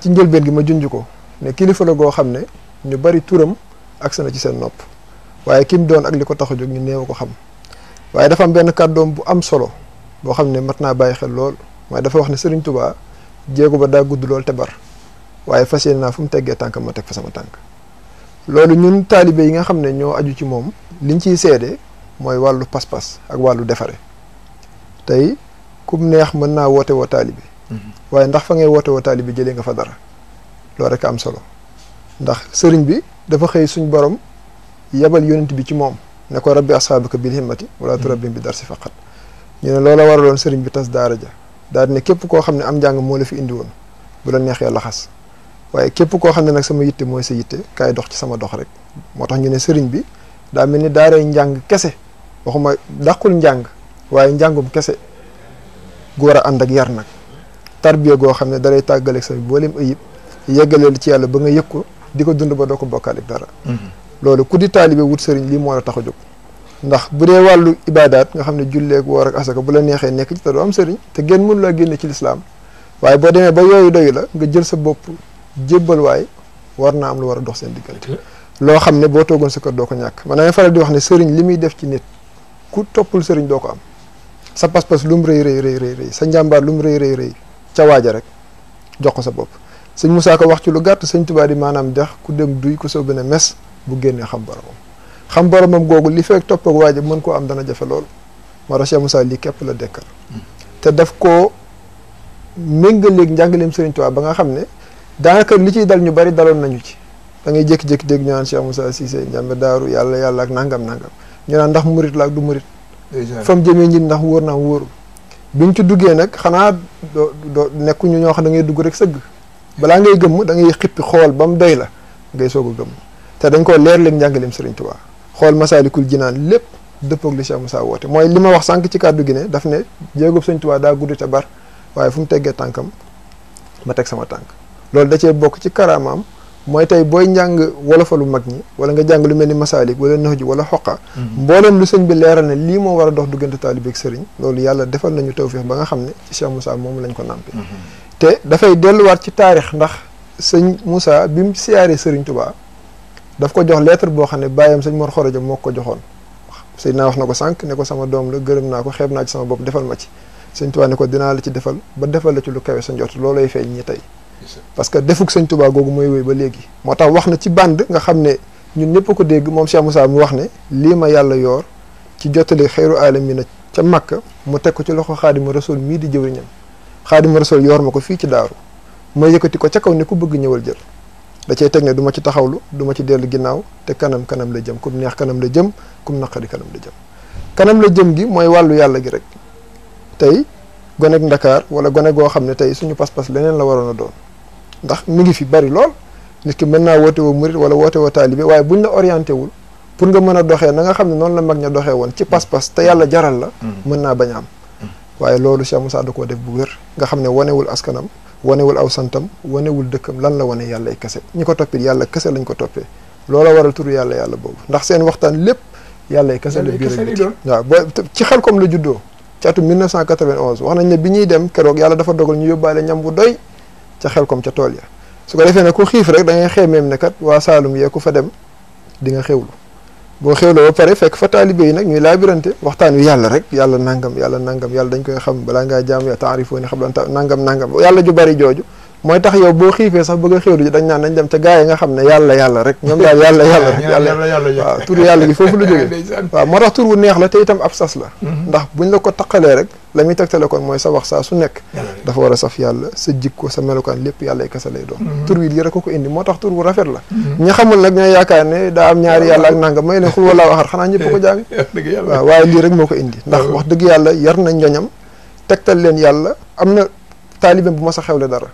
ci njëlbeen gi ma junj ko ne kilifa la goo xam ne ñu bari turam ak na ci seen nopp waaye kim doon ak li ko tax a jóg ñu néew ko xam waaye dafa benn kàddoom bu am solo boo xam ne mat naa bàyyi xel lool waaye dafa wax ne Serigne tubaa jéego ba daa gudd lool te bar waaye fas yéene naa fu mu teggee tànkam ma teg fa sama tànk. loolu ñun taalibe yi nga xam ne ñoo aju ci moom liñ ciy seede mooy wàllu pas ak wàllu defare tey kum neex mën naa woote woo taalibe waaye ndax fa ngay woote woo bi jëlee nga fa dara rek am solo ndax sëriñ bi dafa xëy suñ borom yabal yonent bi ci moom ne ko rabbi asxaabaka bil himmati wala turabbim bi dar si faqat ñu ne loola waraloon sëriñ bi tas daara ja daal di ne képp koo xam ne am jàng moo la fi indi woon bu la yàlla xas waaye képp koo xam ne nag sama yitte mooy sa yitte kaay dox ci sama dox rek moo tax ñu ne sëriñ bi daa mel ni daaray njàng kese waxuma dàqul njàng waaye njàngum kese góor a ànd ak yar nag tarbiya goo xam ne dalay tàggaleeg sa mboolem ayib yeggaleel ci yàlla ba nga yëg ko di ko dund ba doo ko bokkaaleeg dara mhm. loolu ku di taalibe wut sëriñ lii moo la tax a jóg ndax bu dee wàllu ibaadaat nga xam ne julleeg woor ak asaka bu la neexee nekk ci te doo am sëriñ te génn mënu laa génne ci lislaam waaye boo demee ba yooyu doyu la nga jël sa bopp jébbal war naa am lu war dox seen diggante loo xam ne boo toogoon sa kër doo ko ñàkk man damay faral di wax ne sëriñ li muy def ci nit ku toppul sëriñ doo ko am sa pas-pas lu mu rëy rëy rëy rëy sa njàmbaar lu mu rëy rëy rëy ca waja rek jox ko sa bop seigne Moussa ko wax ci lu gatt seigne touba di manam jax ku dem duy ko soobe ne mes bu genné xam boromam xam boromam gogu li fek top ak waja mën ko am dana jafé lol moo tax Cheikh Moussa lii képp la dekkal te daf koo méngaleeg jangalem seigne touba ba nga li ci dal ñu bari dalon nañu ci da ngay jek jek deg ñaan Cheikh Moussa cisse daaru yalla yalla ak nangam nangam ñu na ndax murit la du murit fam mu ñi ndax wóor bi ñu ci duggee nag xanaa doo doo nekkuñu ñoo xam da ngay dugg rek sëgg balaa ngay gëmm da ngay xippi xool ba mu doy la ngay soogu a gëmm te dañ koo leer leen njàngaleem Sëriñ Tuubaa xool masaalikul jinaan lépp dëppoog li Cheikh Moussa woote mooy li ma wax sànq ci kàddu gi ne daf ne jéegoob Sëriñ Tuubaa daa gudd bar waaye fu mu teggee tànkam ma teg sama tànk loolu da cee bokk ci karaamaam mooy tey booy njàng wolofalu mag ñi wala nga jàng lu mel ni masaalik wala nax ji wala xoqa mbooleem lu sëñ bi leeral ne lii moo war a dox diggante taalibe sëriñ loolu yàlla defal nañu tawfiix ba nga xam ne ci Cheikh Moussa moom lañ ko nàmpi mhm. te dafay delluwaat ci taarix ndax sëñ Moussa bi mu siyaaree sëriñ tubaa daf ko jox lettre boo xam ne bàyyam sëñ Mor Xoroja moo ko joxoon sëñ naa wax na ko sànq ne ko sama doom la gërëm naa ko xeeb naa ci sama bopp defal ma ci sëñ Tuubaa ne ko dinaa la ci defal ba defal la ci lu kawe sa njort loolay feeñ ñi tey parce que defuk sañ Touba googu mooy wéy ba léegi moo tax wax na ci bànd nga xam ne ñun ñëpp ko dégg moom Cheikh Moussa mu wax ne lii ma yàlla yoor ci jottali xeyru alamina ca màkk mu teg ko ci loxo xaadima rasul mii di jëwriñam xaadima rasul yoor ma ko fii ci daaru ma yëkkati ko ca kaw ne ku bëgg ñëwal jël da cay teg ne du ma ci taxawlu du ma ci dellu ginnaaw te kanam kanam la jëm kum neex kanam la jëm kum naqari kanam la jëm kanam la jëm gi mooy wàllu yàlla gi rek tey gonek Ndakaar wala gone goo xam ne tey suñu pas-pas leneen la waroon a doon ndax mu ngi fi bari lool nit ki mën naa woote woo murit wala woote woo taalibe waaye buñ la orienté wul pour nga mën a doxee na nga xam ne noonu la mag ña doxee woon ci pas-pas te yàlla jaral la mm. mën naa bañ a am mm. waaye loolu Cheikh Moussa da koo def bu wér nga xam ne wanewul askanam wanewul aw santam wanewul dëkkam lan la wane yàlla ay kese ñi ko toppit yàlla kese lañ ko toppee loola waral turu yàlla yàlla boobu ndax seen waxtaan lépp yàlla ay kese la biir ak biti waaw boo ci xel comme la juddoo ci ne bi ñuy dem keroog yàlla dafa dogal ñu yóbbaale ñam bu doy ca xel kom ca tool ya su ko defee ne ku xiif rek da xeemeem ne waa Saalum yee fa dem di nga xewlu boo xewloo ba pare fekk fa taalibe yi nag ñuy laabirante waxtaan wi yàlla rek yàlla nangam yàlla nangam dañ koy xam balaa ngaa jaam ya taarifoo xam lan nangam nangam yàlla ju bari jooju mooy tax yow boo xiifee sax bëgg a xewlu ji dañ naan nañ dem ca gaa yi nga xam ne yàlla yàlla rek ñoom foofu la jógee waaw moo tax tur wu neex la te itam ab sas la mm-hmm. ndax buñ la ko taqalee rek la muy tegtale kon mooy sa wax saa su nekk dafa war a saf yàlla sa jikko sa melokaan lépp yàlla ay kese lay doon mhm. tur wi lii rek ko indi moo tax tur bu rafet la mhm. ña xamul nag ñooy yaakaar ne daa am ñaari yàlla ak nangam may leen xul wala waxar xanaa ñëpp ko jaami waaw waaye lii rek moo ko indi ndax wax dëgg yàlla yar na njoñam tegtal leen yàlla am na taalibeem bu ma sa xewle dara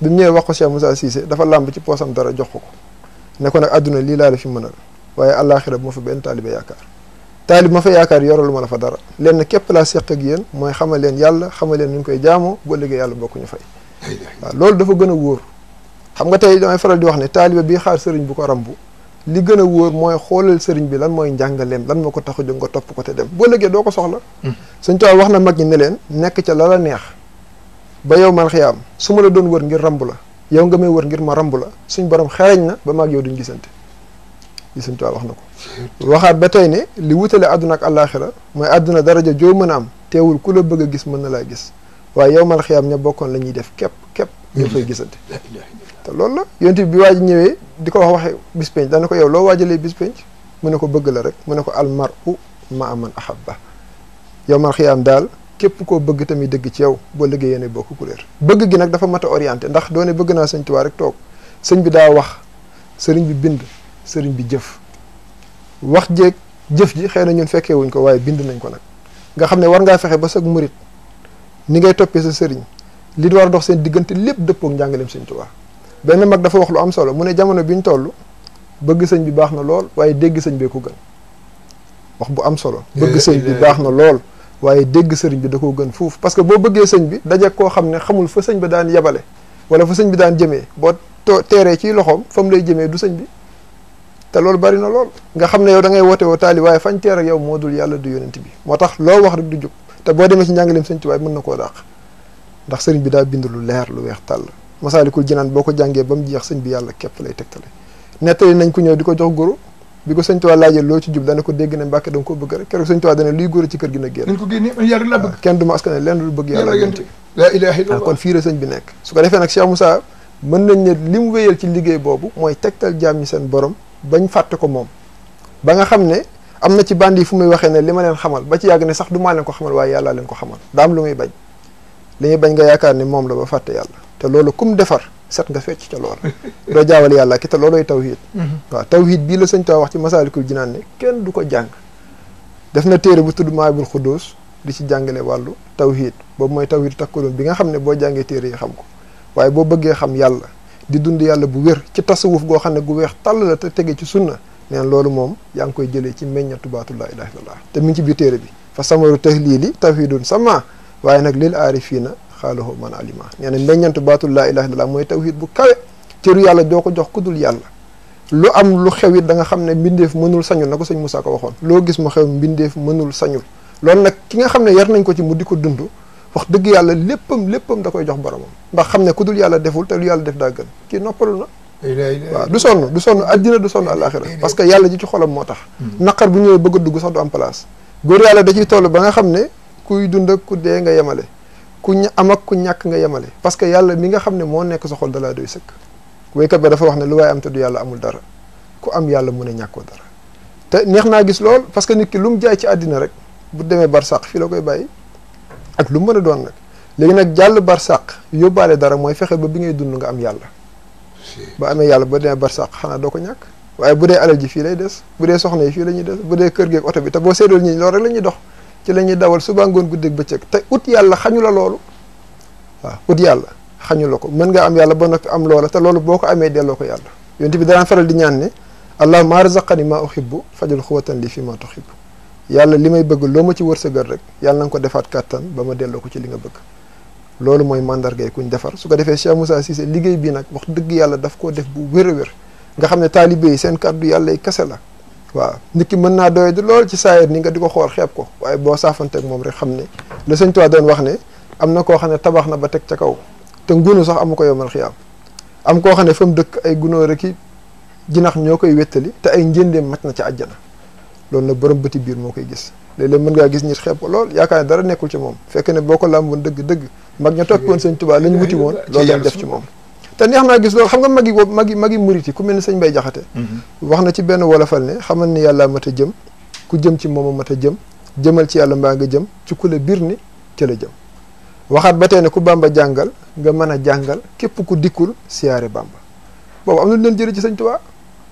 bi mu ñëwee wax ko Cheikh Moussa Cissé dafa làmb ci poosam dara jox ko ko ne ko nag àdduna lii laa la fi waaye àllaaxira bu ma fa benn taalib ma fa yaakaar yoralu ma la fa dara lenn képp laa seq ak yéen mooy xamal leen yàlla xamal leen nu ñu koy jaamoo boo liggéey yàlla bokkuñu fay waaw loolu dafa gën a wóor xam nga tey damay faral di wax ne taaliba bii xaar sëriñ bu ko rambu li gën a wóor mooy xoolal sëriñ bi lan mooy leen lan moo ko tax a jóg nga topp ko te dem boo liggéey doo ko soxla hmm. suñ tool wax na mag ñi ne leen nekk ca la la neex ba yow man am su ma la doon wër ngir rambu la yow nga may wër ngir ma rambu la suñ borom xereñ na ba maag yow duñ gisante li Sëñ Tuubaa wax na ko waxaat ba tey ne li wutale àdduna ak àllaaxira mooy àdduna daraja joo mën a am teewul ku la bëgg a gis mën na laa gis waaye yow mal xiyaam ña bokkoon la ñuy def képp képp ñoo fay gisante te loolu la yonent bi waa ñëwee di ko wax waxe dana ko yow loo waajalee bis penc mu ne ko bëgg la rek mu ne ko almar u ma aman ba yow mal xiyaam daal képp koo bëgg tamit dëgg ci yow boo liggéey yéene bokk kuréer bëgg gi nag dafa mat a ndax doone bëgg naa Sëñ Tuubaa rek toog sëñ bi daa wax sëriñ bi bind sëriñ bi jëf wax jeeg jëf ji xëy na ñun fekkee wuñ ko waaye bind nañ ko nag nga xam ne war ngaa fexe ba sag murit ni ngay toppee sa sëriñ li war a dox seen diggante lépp dëppook njàngaleem sëñ Tuubaa benn mag dafa wax lu am solo mu ne jamono bi ñu toll bëgg sëñ bi baax na lool waaye dégg sëñ bee ko gën wax bu am solo bëgg eh, sëñ bi eh, baax na eh. lool waaye dégg sëriñ bi da ko gën fuuf parce que boo bëggee sëñ bi daje koo xam ne xamul fa sëñ ba daan yebale wala fa sëñ bi daan jëmee boo teeree ciy loxoom fa mu lay jëmee du sëñ bi te loolu bari na lool nga xam ne yow dangay ngay woote taali waaye fa teer ak yow moo dul yàlla du yonent bi moo tax loo wax rek du jub te boo demee ci njàngaleem sëñ Tuubaa mën na koo dàq ndax sëriñ bi daa bind lu leer lu weex tàll masaalikul jinaan boo ko jàngee ba mu jeex sëñ bi yàlla képp lay tegtale nettali nañ ku ñëw di ko jox guru bi ko sëñ Tuubaa laajee loo ci jub dana ko dégg ne mbàkke ko bëgg rek keroog sëñ Tuubaa dana luy góor ci kër gi na génn ko génne yàlla la bëgg bëgg yàlla yonent bi laa ilaaha illallaah ah, kon su ko defee nag Cheikh Moussa nañ ne li mu wéyal ci liggéey boobu mooy tegtal jaam ñi seen borom bañ fàtte ko moom ba nga xam ne am na ci bandi fu muy waxee ne li ma leen xamal ba ci yàgg ne sax du maa leen ko xamal waaye yàllaa leen ko xamal daa am lu muy bañ li muy bañ nga yaakaar ni moom la ba fàtte yàlla te loolu kum defar set nga fecc ca lool doo jaawale yàlla ki te looloy tawhid mm-hmm. waaw tawhid bii la sëñ Tuubaa wax ci masaalikul jinaan ne kenn du ko jàng def na téere bu tudd maabul xudduus di ci jàngale wàllu tawhid boobu mooy tawhid takkulum bi nga xam ne boo jàngee téere yi xam ko waaye boo xam yàlla di dund yalla bu wér ci tasawuf go xamne gu weex tal la te tege ci sunna neen lolu mom yang koy jele ci meññatu baatu la ilaha illallah te mi ci bi tere bi fa samaru tahlili tawhidun sama waye nak lil arifina khaluhu man alima nee na meññantu baatu laa ilaha illallah moy tawhid bu kawe ci ru yalla ko jox kudul yalla lu am lu xewit da nga xamne bindef mbindeef mënul sañul na ko sëñ ko waxon lo gis mo xew bindef mënul sañu lool nak ki nga xamne yar nañ ko ci mu ko wax dëgg yàlla léppam léppam da koy jox boromam ndax xam ne ku dul yàlla deful te lu yàlla def daa gën kii noppalu na waaw du sonn du sonn addina du sonn àlaxira parce que yàlla ji ci xolam moo tax hmm. naqar bu ñëwee bëgg a dugg sax du am place góor yàlla da ciy toll ba nga xam ne kuy dund ak ku dee nga yemale ku am ak ku ñàkk nga yemale parce que yàlla mi nga xam ne moo nekk sa xol da laa doy sëkk waykat ba dafa wax ne lu waaye am te du yàlla amul dara ku am yàlla mun a ñàkkoo dara te neex naa gis lool parce que nit ki lu mu jaay ci àddina rek bu demee barsàq fii la koy bàyyi ak lu meuna a nak nag nak jall jàll barsàq dara moy fexé ba bi ngay dund nga am yalla ba amé yalla ba demee barsàq xanaa doo ko ñak waye bu alal ji fi lay des bu dee soxna yi fii la des bu dee kër geeg bi ta bo sédol ñi lool rek la dox ci la dawal suba ngoon guddeeg bëccëg tay ut yalla xañu la lool wa ut yalla xañu la ko mën nga am yalla ba nak am lool ta yala, yanti amé délo ko yalla yonent bi dara faral di ñaan né allah marzaqani ma uhibbu fajal khuwatan li fi ma tuhibbu yàlla li may bëgg loo ma ci wërsëgal rek yàlla na nga ko defaat kàttan ba ma delloo ko ci li nga bëgg loolu mooy mandargay kuñ defar su ko defee Cheikh Moussa Cissé liggéey bi nag wax dëgg yàlla daf koo def bu wér a wér nga xam ne taalibe yi seen kàddu yàlla yi kese la waaw nit ki mën naa doy di lool ci saayir ni nga di ko xool xeeb ko waaye boo saafanteeg moom rek xam ne la sëñ Tuubaa doon wax ne am na koo xam ne tabax na ba teg ca kaw te ngunu sax amu ko yomal xiyaam am koo xam ne fa mu dëkk ay gunóor rek jinax ñoo koy wéttali te ay njëndeem mat na ca àjjana loolu nag borom bëti biir moo koy gis léeg-léeg mën ngaa gis nit xeeb ko lool yaakaar ne dara nekkul ci moom fekk ne boo ko làmboon dëgg-dëgg mag ña toppoon sëñ Tuubaa la ñu wuti woon loolu lañ def ci moom te neex naa gis loolu xam nga magi magi magi murit yi ku mel ne sëñ Mbay Jaxate mm-hmm. wax na ci benn wolofal ne xamal ni yàlla mat a jëm ku jëm ci moom a mat a jëm jëmal ci yàlla mbaa nga jëm ci ku la biir ni ci la jëm waxaat ba tey ne ku bàmba jàngal nga mën a jàngal képp ku dikkul siyaare bàmba boobu am na leen jëlee ci sëñ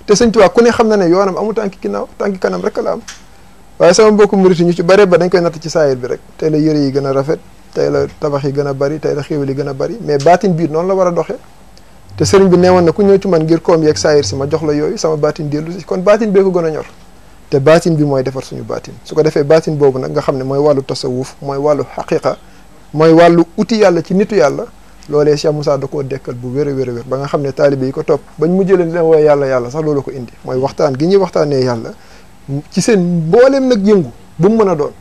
te sëñ Tuubaa ku ne xam na ne yoonam amul tànki ginnaaw tànki kanam rek la am waaye sama mbokku murit ñu ci bare ba dañ koy natt ci saayir bi rek tey la yëre yi gën a rafet tey la tabax yi gën a bari tey la xéwal yi gën a bari mais baatin biir noonu la war a doxe te sëriñ bi neewoon na ku ñëw ci man ngir koom yeeg saayir si ma jox la yooyu sama baatin dellu si kon baatin bee ko gën a ñor te baatin bi mooy defar suñu baatin su ko defee baatin boobu nag nga xam ne mooy wàllu tasawuf mooy wàllu xaqiqa mooy wàllu uti yàlla ci nitu yàlla loole Cheikh Moussa da ko dekkal bu wér a wér ba nga xam ne taalibe yi ko topp bañ mu jëleen leen wooye yàlla yàlla sax loolu ko indi mooy waxtaan gi ñu waxtaanee yàlla ci seen mbooleem nag yëngu bu mu mën a doon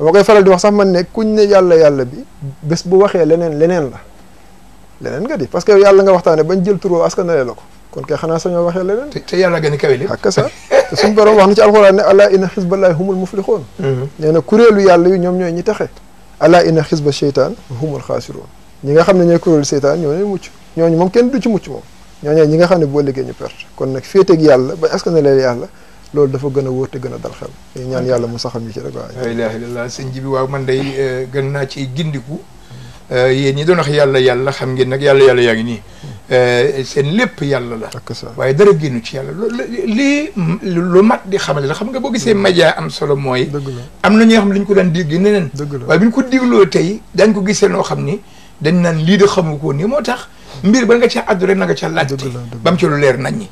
dama koy di wax sax man ne kuñ ne yàlla yàlla bi bés bu waxee leneen leneen la leneen nga di parce que yàlla nga waxtaane bañ jël turoo askanale la ko kon kay xanaa sañoo waxee leneen te yàlla gën a kawe lépp ak sa wax na ci alxuraan ne ala inna xisballahi humul muflixoon mm-hmm. nee na kuréelu yàlla yi ñoom ñooy ñi taxe ala inna xisba cheytaan humul xaasiroon ñi nga xam ne ñooy kuréelu seytaan ñooñu mucc ñooñu moom kenn du ci mucc moom ñooñu ñi nga xam ne boo liggéey ñu perte kon nag féeteeg yàlla ba est-ce que ne leen yàlla loolu dafa gën a wóor te gën a dal xel ñu ñaan yàlla mu saxal ñu ci rek waaw la ilaha illallah sëñ ji bi waaw man day euh, gën naa ci gindiku euh, yéen ñi doon wax yàlla yàlla xam ngeen nag yàlla yàlla yaa ngi nii euh, seen lépp yàlla la waaye dara génnu ci yàlla loolu lii lu mat di xamale la xam nga boo gisee média mm. am solo mooy am na ñoo xam ne dañ ko daan dégg neneen waaye bi ñu ko dégloo tey dañ ko gisee noo xam ni dañ naan lii de xamu ko nii moo tax mbir ba nga ca àddu rek na nga ca laajte ba mu ci lu leer nañ ñi